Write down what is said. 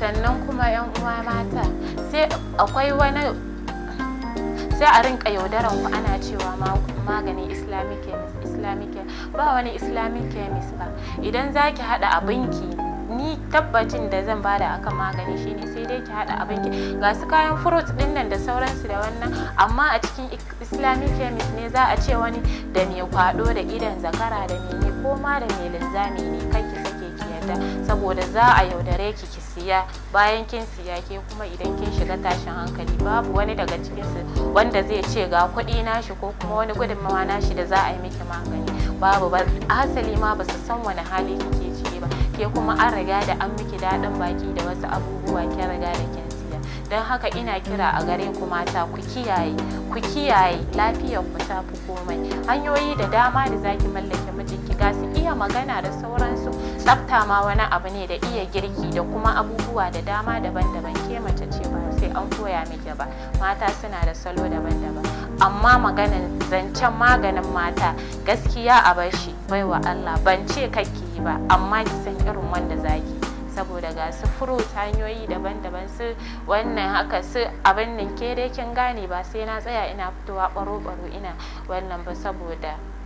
sannan kuma yan uwa mata sai akwai wani sai a rinka yaudaran ku ana cewa maganin islamic chemist ba wani islamic chemist ba idan za ki haɗa abinki ni tabbacin da zan bada akan magani shine sai dai ki haɗa abinki ga su kayan furut din nan da sauransu da wannan amma a cikin islamic chemist ne za a ce wani da mai kwado da idan zakara da ne ko da mai linzami ne saboda za a yaudare ki ki siya bayan kin siya ke kuma idan kin shiga tashin hankali babu wani daga cikinsu wanda zai ce ga kuɗi nashi ko kuma wani gudunmawa nashi da za a yi miki magani babu ba asali ma ba su san wani hali kike ciki ba ke kuma an riga da an miki daɗin baki da wasu abubuwa ke riga da ke don haka ina kira a gare ku mata ku kiyaye ku kiyaye lafiyar ku ta fi komai hanyoyi da dama da zaki mallake mijinki ga su iya magana da sauransu tsafta ma wani abu ne da iya girki da kuma abubuwa da dama daban-daban ke mace ce ba sai an koya miki ba mata suna da salo daban-daban amma maganin zancen maganin mata gaskiya a bashi shi baiwa Allah ban ce kake yi ba amma ki san irin wanda zaki saboda ga su fruit hanyoyi daban-daban su wannan haka su abin nan ke dai kin gane ba sai na tsaya ina fitowa baro-baro ina wannan ba saboda